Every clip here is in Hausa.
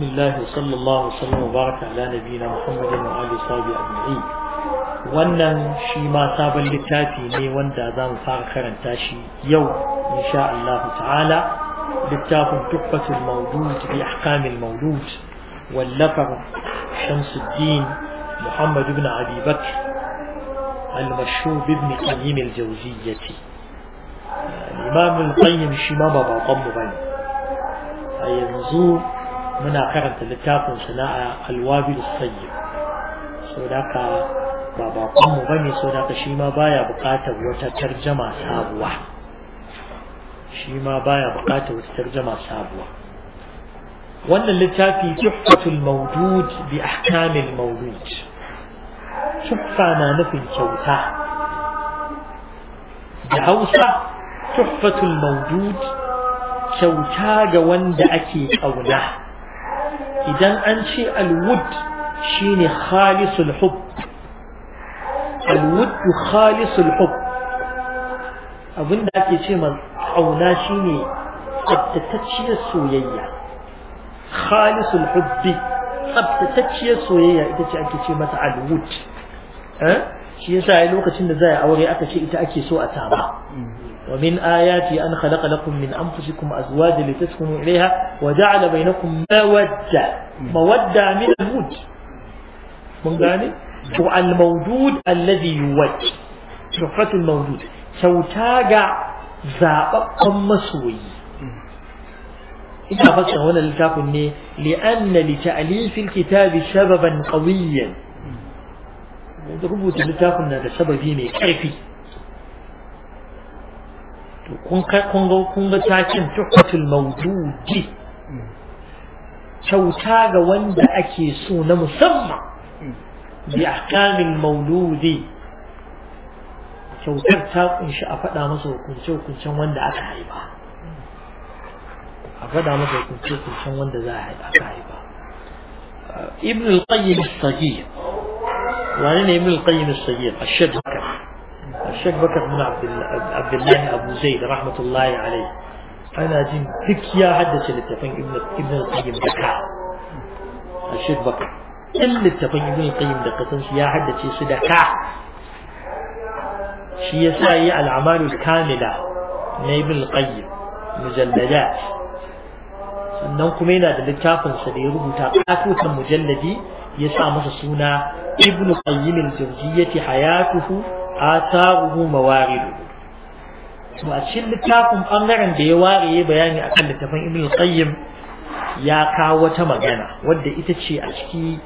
بسم الله وصلى الله وسلم وبارك على نبينا محمد وعلى صحبه اجمعين وان شي ما تاب لتاتي ني وان دا زام فار يوم ان شاء الله تعالى لتاف تقفة المولود باحكام المولود واللفظ شمس الدين محمد بن ابي بكر المشهور بابن قيم الجوزية الإمام القيم شمام بابا قم بين أي نزول muna karanta littafin sana'a alwabil sayyid so da ka ba bakon bane so da ka shi ma baya bukatar wata tarjuma sabuwa shi ma baya bukatar wata tarjuma sabuwa wannan littafi tuhfatul mawjud bi ahkamil mawjud tuhfa na nufin kyauta da Hausa tuhfatul mawjud kyauta ga wanda ake kauna إذا أنشي الود شيني خالص الحب الود خالص الحب اظن ذاك يشمل عونا شيني سبت تتشي السويية خالص الحب سبت تتشي السويية إذا جاءك يشمل الود ها شيء سائل الوقت شنو زاي أوري أكشي إذا أكشي سوء تامة ومن آياتي أن خلق لكم من أنفسكم أزواج لتسكنوا إليها وجعل بينكم مودة مودة من الود من قال الموجود الذي يود شفرة الموجود سوتاقع زابقا مسوي إذا فكر هنا لتكن لأن لتأليف الكتاب سببا قويا rubuta littafin هذا da يمي كيفي كونغا كونغا ga takin tuhfatul mawdudi kyauta ga wanda ake so na musamman bi ahkamin mauludi kyautar ta kunshi a faɗa masa hukunce hukuncen wanda aka haifa a faɗa masa hukunce hukuncen wanda za a haifa aka haifa ibn al-qayyim as sagir wani ne ibn al-qayyim as sagir ash-shaykh bakar ash bakar ibn abdullah abu zaid rahmatullahi alayhi ana jin duk ya haddace littafin ibn al-qayyim da ka a shek baka in littafin ibn al-qayyim da kasan ya haddace su da ka shi yasa yi al'amalu amalul kamila na ibn al-qayyim mujalladat sannan kuma yana da littafin sa da ya rubuta katutan mujalladi ya sa masa suna ibn qayyim al-jawziyyati hayatuhu atharuhu mawaridu. to a cikin littafin bangaren da ya ware ya bayani akan littafin ibn qayyim ya kawo wata magana wadda ita ce a ciki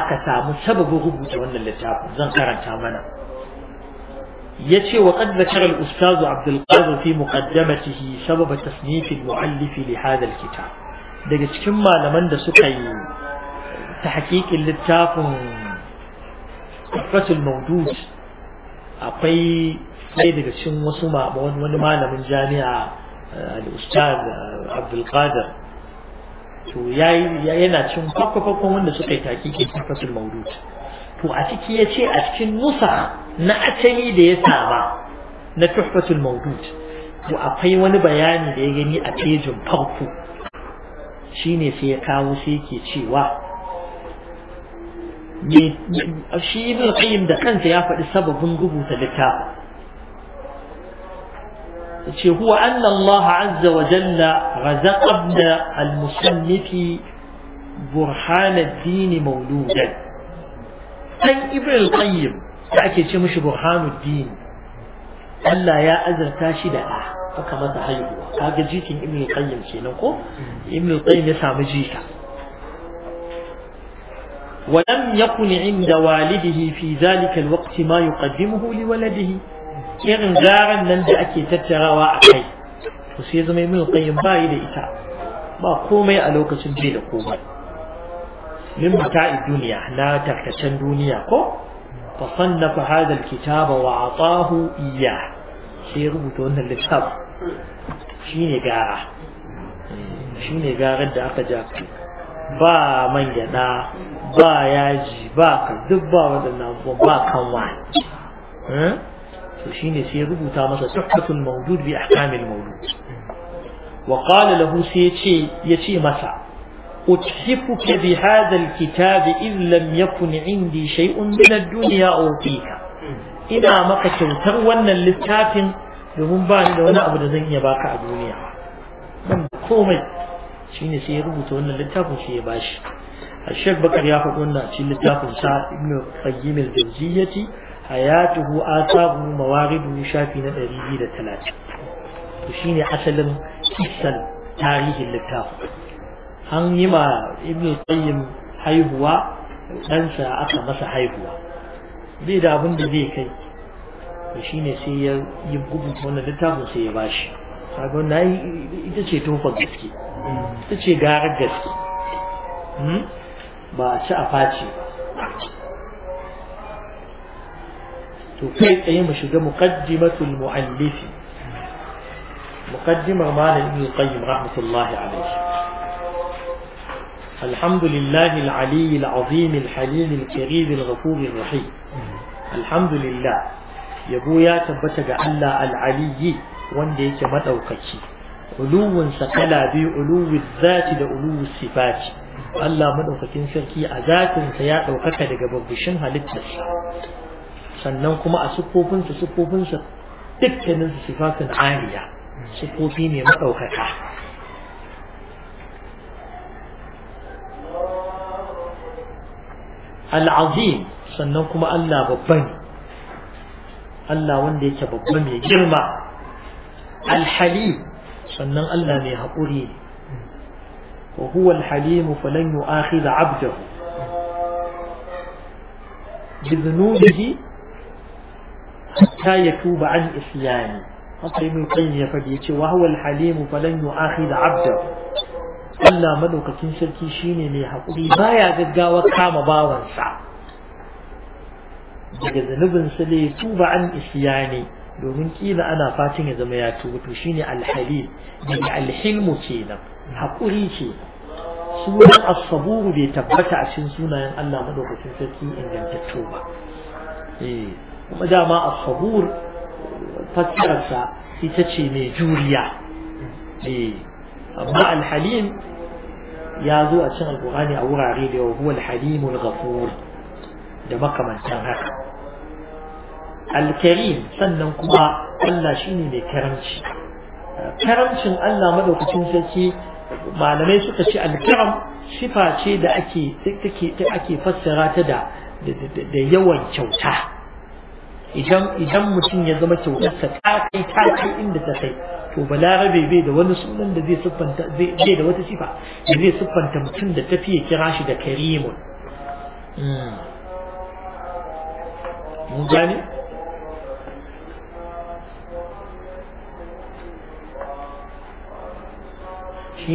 aka samu sababin rubuta wannan littafin zan karanta mana yace wa qad zakara al-ustaz Abdul Qadir fi muqaddamatihi sabab tasnif al-muallif li hadha al-kitab daga cikin malaman da suka yi tahqiqin littafin Fatul Mawdud akwai sai daga cikin wasu wani malamin jami'a eh, al-ustaz eh, abdul qadir to yayi yana cin farko wanda suka yi takiki tafasul maulud to a ciki ya ce a cikin Musa na asali da ya saba na tuhfatul maudud to akwai wani bayani da ya gani a pejin farko shine sai ya kawo sai yake cewa shi ibn qayyim da kansa ya faɗi sababin rubuta littafin هو أن الله عز وجل رزق ابن المصنف برهان الدين مولودا أي ابن القيم تأكد مش برهان الدين ألا يا أزر تاشد أه فكما haihuwa kaga jikin ابن القيم kenan ko ibn qayyim ya samu ولم يكن عند والده في ذلك الوقت ما يقدمه لولده irin garan nan da ake tattarawa a kai to sai zama mai qayyim bai da ita ba komai a lokacin bai da komai min mata'i duniya na tarkacen duniya ko fa sannafa hada alkitaba wa atahu iya sai rubuta wannan littafin shine gara shine garar da aka ja ba man gyada ba yaji ba ka duk ba waɗannan abubuwan ba kanwa شين سيرو بوتا مسا سحبة الموجود بأحكام الموجود وقال له سيتي يتي مسا أتحفك بهذا الكتاب ان لم يكن عندي شيء من الدنيا أو فيك إنا مكة وتغوانا للكافن لهم بان لونا أبدا زين يباك الدنيا من كومت شين سيرو بوتا وانا للكافن شي يباش الشيخ بكر ياخذ قلنا شين للكافن سا ابن قيم الجوزية hayatuhu asabu mawaridu shafi na 230 to shine asalin kissan tarihin littafin an yi ma ibn qayyim haihuwa ɗansa aka masa haihuwa zai da abin da zai kai to shine sai ya yi gudun wannan littafin sai ya bashi sabon na ita ce tofar gaske ita ce garar gaske hmm? ba a ci a face ba to kai tsaye mu shiga muqaddimatul muallifi muqaddimar malam ibn qayyim rahmatullahi alayhi الحمد لله العلي العظيم الحليم الكريم الغفور الرحيم الحمد لله يبو يا تبتك ألا العلي وان ديك مدوكك علو سقلا بي علو الذات دا علو الصفات ألا مدوكك سركي أذات سيات وكك دا قبر بشنها للتسع sannan kuma a siffofinsa siffofinsa dukkaninsu sifatun ariya siffofi ne maɗaukaka al'azim sannan kuma Allah babban Allah wanda yake babba mai girma al alhalim sannan Allah mai haƙuri wa huwa alhalim falan yu'akhidha 'abdahu bi dhunubihi حتى يتوب عن إسلامي حتى يمكن يفديك وهو الحليم فلن يؤاخذ عبده إلا ملوك تنسل كيشيني ليها قولي ما يعدد قاوك كام باوان سعى إذا نبن سلي توب عن إسلامي لو من كينا أنا فاتن إذا ما يتوب تشيني الحليم يعني من الحلم كينا حقوري كينا سنة الصبور بيتبكع سنسونا أن الله مدوك سنسكي إن لم تتوب إيه مداما الصبور فكرت في تشيمي جوريا في ماء الحليم يا ذو أتشان القرآن أو غريب وهو الحليم الغفور دمك من كان الكريم سنن كما ألا شيني من كرمش كرمش ألا مدو كتنسكي ما لم يسوك شيء الكرم شفا شيء دا أكي تكي تكي فسرات دا دا, دا, دا, دا يوان شوتاه idan mutum ya zama kyautarsa ta kai ta kai inda ta kai to balarabe bai da wani sunan da zai siffanta zai da wata sifa da zai siffanta mutum da tafiye kira shi da karimun hmm. mun gane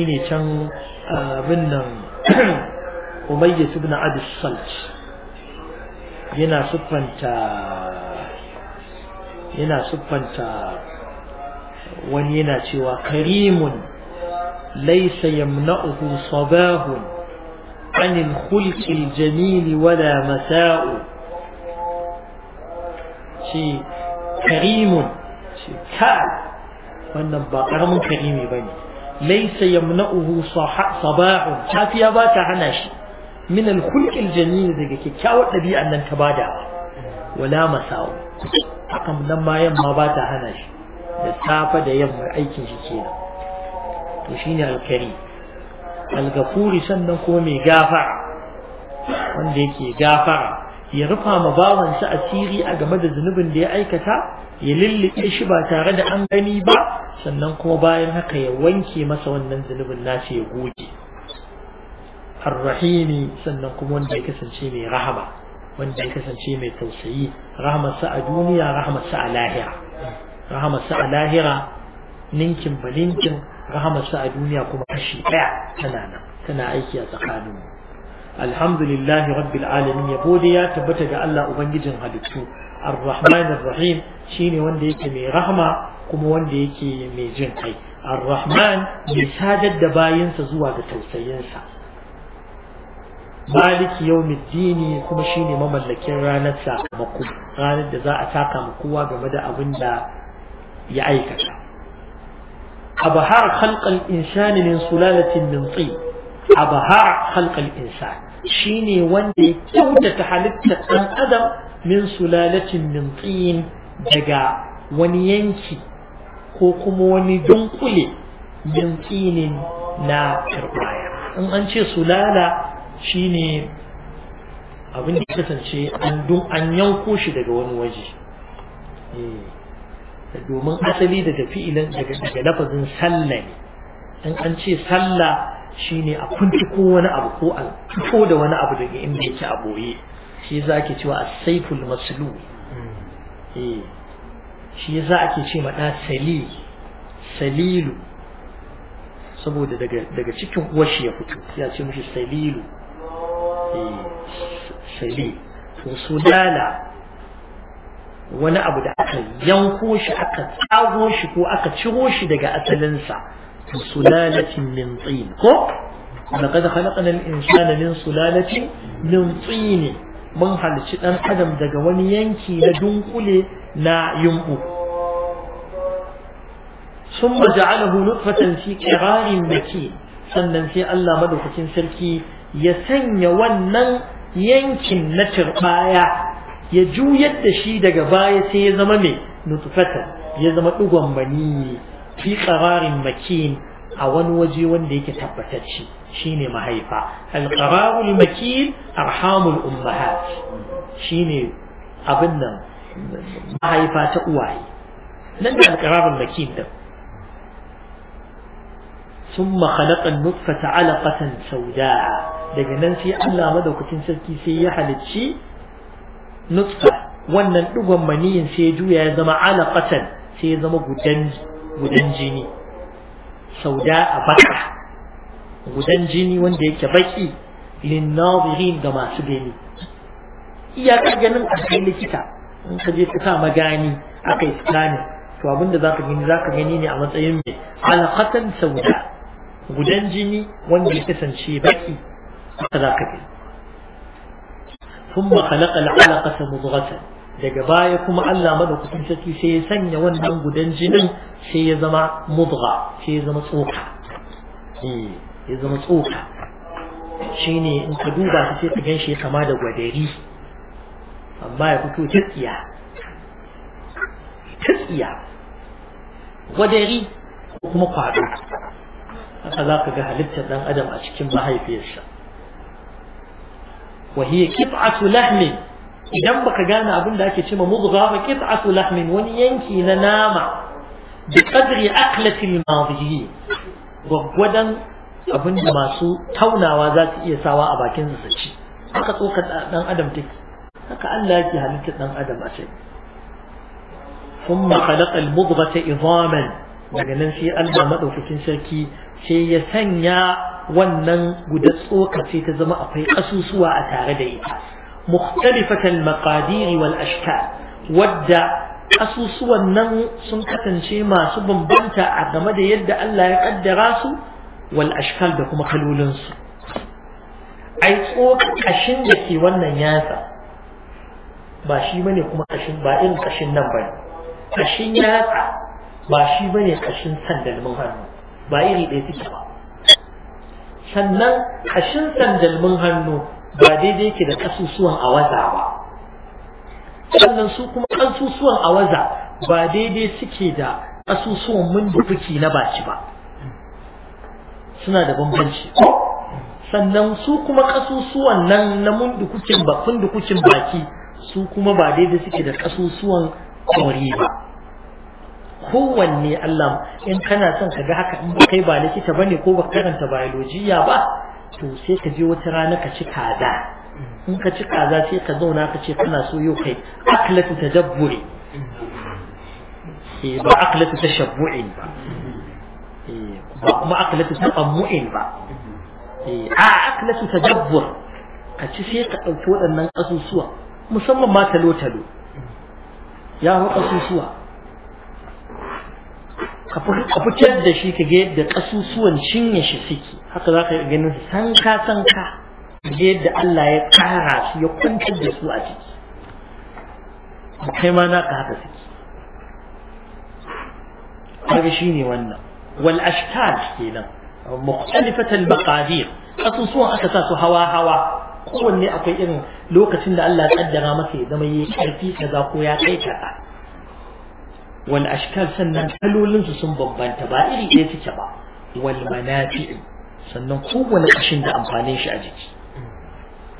ne can ah, abin nan umayyah ibn abd salt yana siffanta yana siffanta wani yana cewa karimun laisa yamna'uhu sabahun anil khulqil jamili wala masa'u shi karimun shi ka wannan ba karamin karimi bane laisa yamna'uhu sabahun safiya ba ta hana shi min al khulqil jamil daga kikkiawar dabi'an nan ta badawa wala masawo. akan nan ma yamma ba ta hana shi da safa da yamma aikin shi kenan to shine alkari algafuri sannan ko mai gafara wanda yake gafara ya rufa ma bawansa asiri a game da zunubin da ya aikata ya lulluɓe shi ba tare da an gani ba sannan kuma bayan haka ya wanke masa wannan zunubin nashi ya goge arrahimi sannan kuma wanda ya kasance mai rahama wanda ya kasance mai tausayi rahmarsa a duniya rahmarsa a lahira rahmarsa a lahira ninkin ba ninkin rahmarsa a duniya kuma kashi daya tana nan tana aiki a tsakaninmu alhamdulillahi rabbil alamin yabo da ya tabbata ga Allah ubangijin halittu wanda yake rahama kuma wanda yake يكي jin كما Ar-rahman مي sadar da bayinsa zuwa ga tausayinsa. maliki yawmiddini kuma shine mamallakin ranar sakamako ranar da za a taka ma kowa game da abin da ya aikata abahar khalqal insani min sulalatin min tin abahar khalqal insani shine wanda ya kyautata halittar ɗan adam min sulalatin min daga wani yanki ko kuma wani dunkule min tinin na turbaya in an ce sulala shine abin da kasance an dun an yanko shi daga wani waje eh, domin asali daga fi'ilin daga lafazin sallah ne in an ce sallah shine a ko wani abu ko a fito da wani abu daga inda yake a boye shi za ke cewa as-saiful maslu hmm. eh shi za ake ce ma da sali salilu saboda daga daga cikin uwar shi ya fito ya ce mishi salilu sabi to sulala wani abu da aka yanko shi aka tsago shi ko aka ciro shi daga asalinsa to sulalatin min tsin ko laqad khalaqna al-insana min sulalatin min tsin mun halici dan adam daga wani yanki na dunkule na yumbu ثم جعله نطفة في قرار مكين sannan sai Allah madaukakin sarki ya sanya wannan yankin na turbaya ya juyar da shi daga baya sai ya zama mai nutfata ya zama digon bani fi qararin makin a wani waje wanda yake tabbatacce shine mahaifa al-qararul makin arhamul ummahat shine abin nan mahaifa ta uwaye nan da al-qararul makin din ثم خلق النطفة علقة سوداء daga nan sai Allah madaukakin sarki sai ya halicci nutfa wannan digon maniyin sai ya juya ya zama alaqatan sai ya zama gudan gudan jini sauda a baka gudan jini wanda yake baki lin nadirin da masu gani iyakar ganin a kai likita in ka je ka sa magani aka yi to abinda zaka gani zaka gani ne a matsayin mai alaqatan sauda gudan jini wanda ya kasance baki haka ka bi ثم خلق العلقة مضغة daga baya kuma Allah madaukakin sarki sai ya sanya wannan gudan jinin sai ya zama mudgha sai ya zama tsoka eh ya zama tsoka shine in ka duba shi sai ka ganshi kama da gwadari amma ya fito tsiya tsiya gwadari ko kuma kwado haka za ka ga halittar dan adam a cikin mahaifiyarsa wa hiya qit'atu idan baka gane abin da ake ma mudgha ba qit'atu lahmin wani yanki na nama bi qadri aqlati al-madhihi gwaggwadan abin da masu taunawa za su iya sawa a bakin su ci haka tsokar dan adam take haka Allah yake halitta dan adam a sai ثم خلق المضغة عظاما daga nan sai Allah madaukakin sarki sai ya sanya wannan guda tsoka ce ta zama akwai ƙasusuwa a tare da ita mukhtalifatan maqadir wal ashkal wadda ƙasusuwan nan sun kasance masu bambanta a game da yadda Allah ya kaddara su wal ashkal da kuma kalolin su ai tsoka kashin da ke wannan yatsa ba shi bane kuma kashin ba irin kashin nan bane kashin yatsa ba shi bane kashin sandalmin hannu ba irin ɗaya suke ba sannan kashin sandalmin hannu ba daidai ke da kasusuwan awaza ba sannan su kuma kasusuwan awaza ba daidai suke da kasusuwan mundufuki na baki ba suna da bambanci sannan su kuma kasusuwan nan na mundukukin baki su kuma ba daidai suke da kasusuwan kori ba kowanne Allah in kana son ka ga haka in kai ba likita bane ko baka karanta biologiya ba to sai ka je wata rana ka ci kaza in ka ci kaza sai ka zauna ka ce kana so yau kai aklatu tadabburi eh ba aklatu tashabbu'in ba eh ba kuma aklatu taqammu'in ba eh a aklatu tadabbur ka ci sai ka dauki waɗannan kasusuwa musamman ma talo talo ya hau kasusuwa ka fitar da shi ka ga yadda ƙasusuwan cinye shi suke haka za ka ganin su sanka ka ga yadda Allah ya kara su ya kwantar da su a ciki kai ma naka haka suke kaga shine wannan wal ashkal kenan ƙasusuwan aka sa su hawa-hawa, kowanne akwai irin lokacin da Allah ya kaddara masa ya zama yi karfi kaza ko ya kai kaza wal ashkal sannan kalolin su sun bambanta ba iri ɗaya suke ba wal manafi'i sannan kowane kashin da amfanin shi a jiki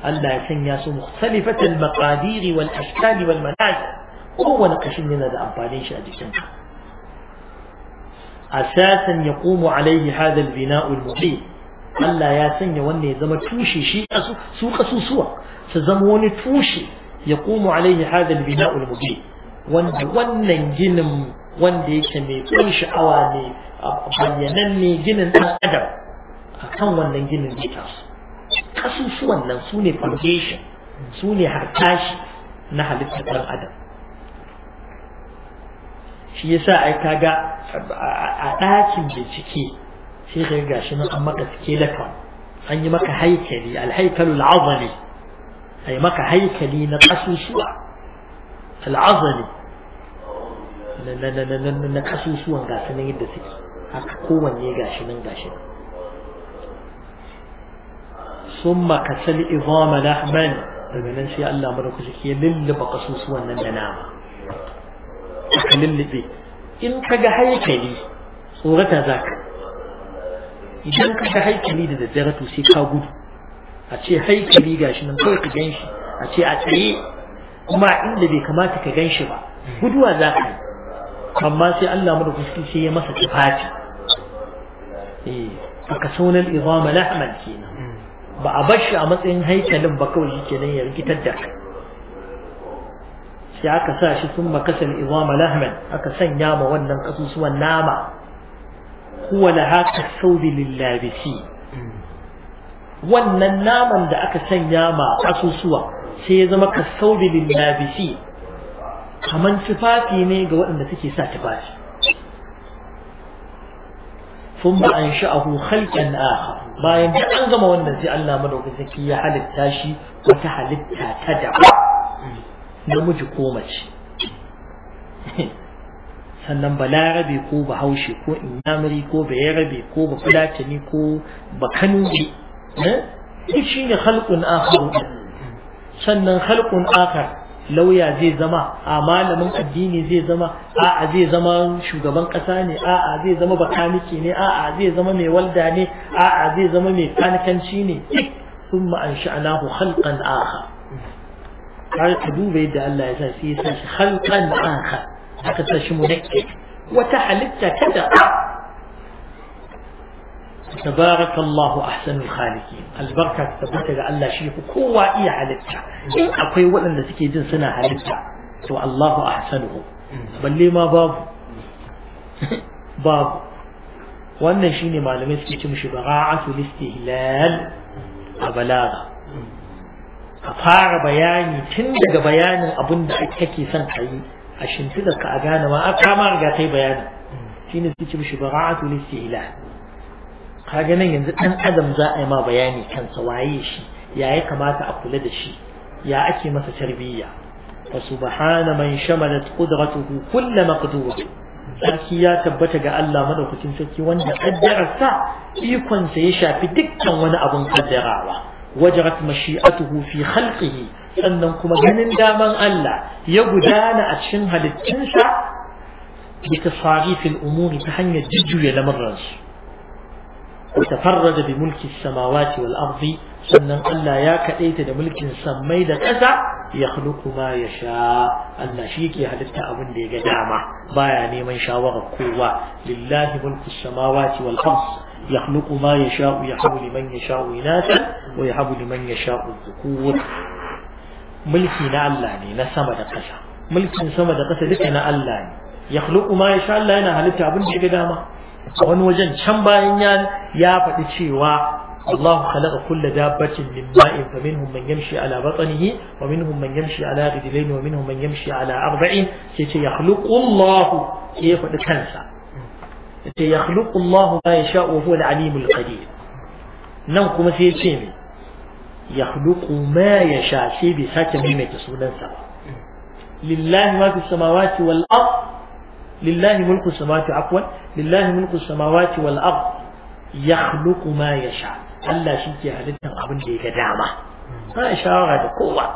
Allah ya sanya su mukhtalifatal maqadiri wal ashkali wal manafi kowane kashin yana da amfanin shi a jikinka asasan yaqumu alaihi hadha al bina'u al muhim Allah ya sanya wannan ya zama tushe shi su kasusuwa su zama wani tushe ya komo alaihi hadal bina'ul mubin wanda wannan ginin wanda yake mai kun sha'awa ne bayyanan ne ginin ɗan adam a kan wannan ginin zai taso kasusuwan nan su ne foundation su ne harkashi na halittar ɗan adam shi yasa ai kaga a ɗakin bincike sai ka ga shi nan an maka skeleton an yi maka haikali alhaikalul azami ai maka haikali na kasusuwa al'azami na na na na na na kasusuwan gasu nan yadda suke haka kowanne gashi nan gashi nan summa kasal izama lahman daga nan sai Allah madaukaki ya lulluba kasusuwan nan da nama aka lullube in ka ga haikali tsorata za ka idan ka ga haikali da daddare to sai ka gudu a ce haikali gashi nan kawai ka gan shi a ce a tsaye kuma inda bai kamata ka gan shi ba guduwa za ka yi amma sai Allah mu da kuski sai ya masa tufafi eh aka sunan izama lahman kenan hmm. ba a bar shi a matsayin haikalin ba kawai shi kenan ya rikitar da sai aka sa shi sun makasa izama lahman aka sanya ma wannan kasusuwan nama huwa laha kasaubi lillabisi hmm. wannan naman da aka sanya ma kasusuwa sai ya zama ka kasaubi lillabisi kamar tufafi ne ga waɗanda suke sa tufafi an sha'ahu halkan آخر bayan da an gama wannan sai Allah madaukaki ya halitta shi wata halitta ta daban namiji ko mace sannan balarabe ko bahaushe ko inyamuri ko rabe ko bafulatani ko bakanuri eh? duk shi ne halkun akhar sannan halkun akhar lauya zai zama a malamin addini zai zama a'a zai zama shugaban kasa ne a'a zai zama bakaniki ne a'a zai zama mai walda ne a'a zai zama mai kanikanci ne ثم أنشأناه خلقا آخر قال تدوب يد الله يساسي خلقا آخر هكذا شمونك وتحلبت كذا تبارك الله أحسن الخالقين البركة تبارك الله شيخ كوا إيه حالتها إن أقوي ولن نسكي جن سنة حالتها تو الله أحسنه بل لي ما باب باب وأن شيني ما لم يسكي تمشي براعة الاستهلال أبلاغة أفار بياني تندق بياني أبن حكي سنحي عشان تدق أغانا ما أكامر قاتي بياني شيني سكي تمشي براعة الاستهلال kaga nan yanzu dan adam za a yi ma bayani kansa waye shi ya ya kamata a kula da shi ya ake masa tarbiyya fa subhana man shamalat qudratuhu kull maqdur saki ya tabbata ga Allah madaukakin sarki wanda kaddararsa ikon sa ya shafi dukkan wani abun kaddarawa wajarat mashi'atuhu fi khalqihi sannan kuma ganin daman Allah ya gudana a cikin halittunsa bi tasarifil umuri ta hanyar jujjuya lamarin su وتفرج بملك السماوات والأرض سنة ألا يا كأيت ملك سمي لكذا يخلق ما يشاء النشيك يهدفت أبن لي قدامة بياني من شاور القوة لله ملك السماوات والأرض يخلق ما يشاء يحب لمن يشاء إناثا ويحب لمن يشاء الذكور ملكي نعلاني نسمى لكذا ملك سمى لكذا لكنا ألاني يخلق ما يشاء الله أنا هل تعبني قدامه a wani wajen can bayan ya ya faɗi cewa Allah khalaqa kulla dabbatin min ma'in fa minhum man yamshi ala batnihi wa minhum man yamshi ala rijlayn wa minhum man yamshi ala arba'in Ke ce yakhluqu Allah ya faɗi kansa sai yakhluqu Allah ma yasha wa huwa al-alimul qadir nan kuma sai ce me yakhluqu ma yasha sai bai sake maimaita sunansa ba lillahi ma fi samawati wal ardh lillahi mulku samawati afwan lillahi mulku samawati wal ard yakhluqu ma yasha Allah shi ke halittar abin da ya ga dama ba shawara da kowa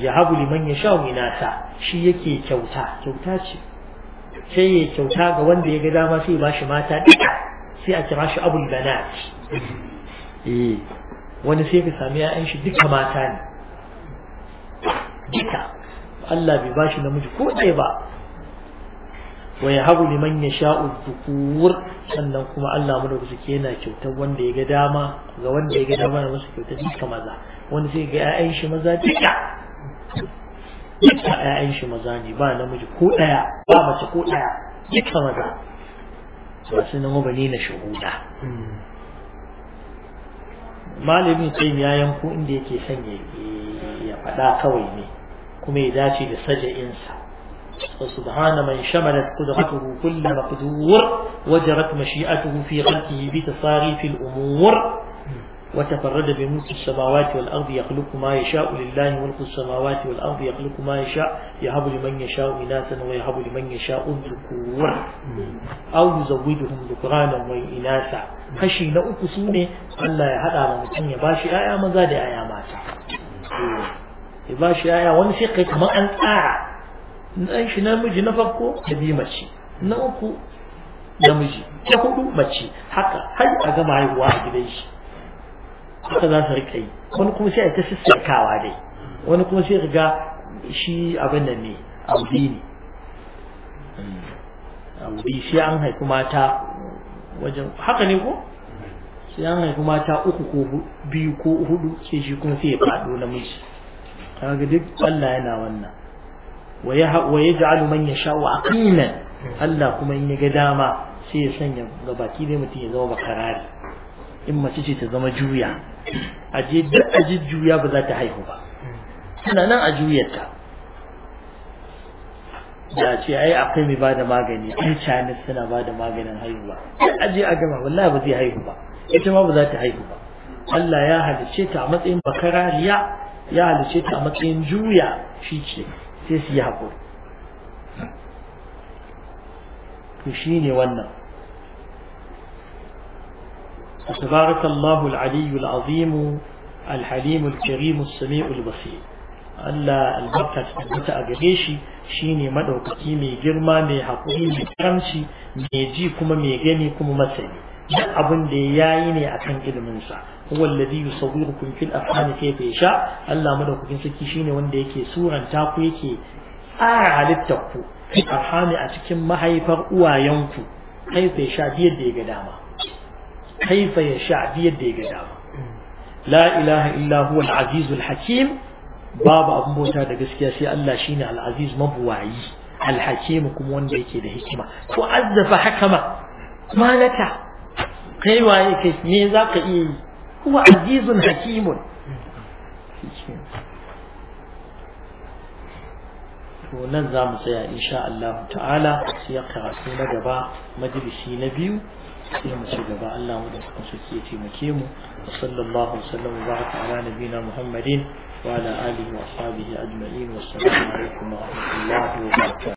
ya habu sha winata shi yake kyauta kyauta ce sai ya kyauta ga wanda ya ga dama sai ba mata duka sai a kira shi abul eh, wani sai sami ya'yan shi duka mata ne duka Allah bai bashi namiji ko ba wa yahabu liman yasha'u dhukur sannan kuma Allah mu suke yana kyautar wanda ya ga dama ga wanda ya ga dama na masa kyautar duka maza wanda sai ga ƴaƴan shi maza duka duka ƴaƴan shi maza ne ba namiji ko ɗaya ba mace ko ɗaya duka maza ba su nan ba ne na shuhuda malamin tsayin ya yanko inda yake son ya faɗa kawai ne kuma ya dace da saja'insa فسبحان من شملت قدرته كل مقدور وجرت مشيئته في خلقه بتصاريف الأمور وتفرد بملك السماوات والأرض يخلق ما يشاء لله ملك السماوات والأرض يخلق ما يشاء يهب لمن يشاء إناثا ويهب لمن يشاء الذكور أو يزودهم ذكرانا وإناثا هشي na uku su ne Allah ya haɗa ma mutum ya ماتا ‘ya'ya maza da وانفقك ما انت آية. ɗan shi namiji na farko da biyu mace na uku namiji ta hudu mace haka har a gama haihuwa a gidan shi haka za su rika yi wani kuma sai a ta sissarkawa dai wani kuma sai riga shi abin da ne wuri ne wuri sai an haifi mata wajen haka ne ko sai an haifi mata uku ko biyu ko hudu sai shi kuma sai ya faɗo namiji kaga duk Allah yana wannan wa yaj'alu man yasha'u aqilan hmm. Allah kuma in ya ga dama sai ya sanya ga baki dai mutum ya zama bakarari in mace ce ta zama juya aje duk aje juya ba za ta haihu ba hmm. tana nan a juyarta da ce ai akwai mai bada magani ai canis suna bada maganin haihuwa duk aje a gama wallahi ba zai haihu ba ita ma ba za ta haihu ba Allah ya halicce ta a matsayin bakarariya ya halicce ta a matsayin juya shi ce sai su yi haƙuri to shi ne wannan تبارك الله العلي العظيم الحليم الكريم السميع البصير Allah albarka ta tabbata a gare shi shine madaukaki mai girma mai haƙuri mai karamci ji kuma mai gani kuma masani duk abin da ya ne huwa alladhi yusawwirukum fil afham kayfa yasha Allah madaukakin sarki shine wanda yake suranta ku yake tsara halittar ku arhami a cikin mahaifar uwayenku kaifa yasha biyar da ya dama kaifa yasha biyar da ya dama la ilaha illa huwa al hakim babu abun bauta da gaskiya sai Allah shine al-aziz mabuwayi al-hakim kuma wanda yake da hikima ko azzafa hakama malata kai waye kai ne zaka iya yi huwa azizun hakimun to nan za mu tsaya insha Allah ta'ala sai ya karatu na gaba majalisi na biyu sai mu ci gaba Allah mu da kuma su ke taimake mu sallallahu sallam wa baraka ala nabina Muhammadin wa ala alihi wa ashabihi ajma'in wassalamu alaikum wa rahmatullahi wa barakatuh